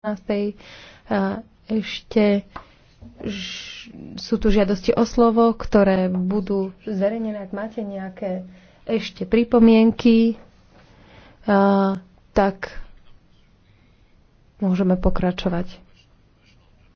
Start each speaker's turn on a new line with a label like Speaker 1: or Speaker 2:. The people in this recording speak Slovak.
Speaker 1: 12. ešte sú tu žiadosti o slovo, ktoré budú
Speaker 2: zverejnené, ak máte nejaké
Speaker 1: ešte pripomienky, tak môžeme
Speaker 3: pokračovať.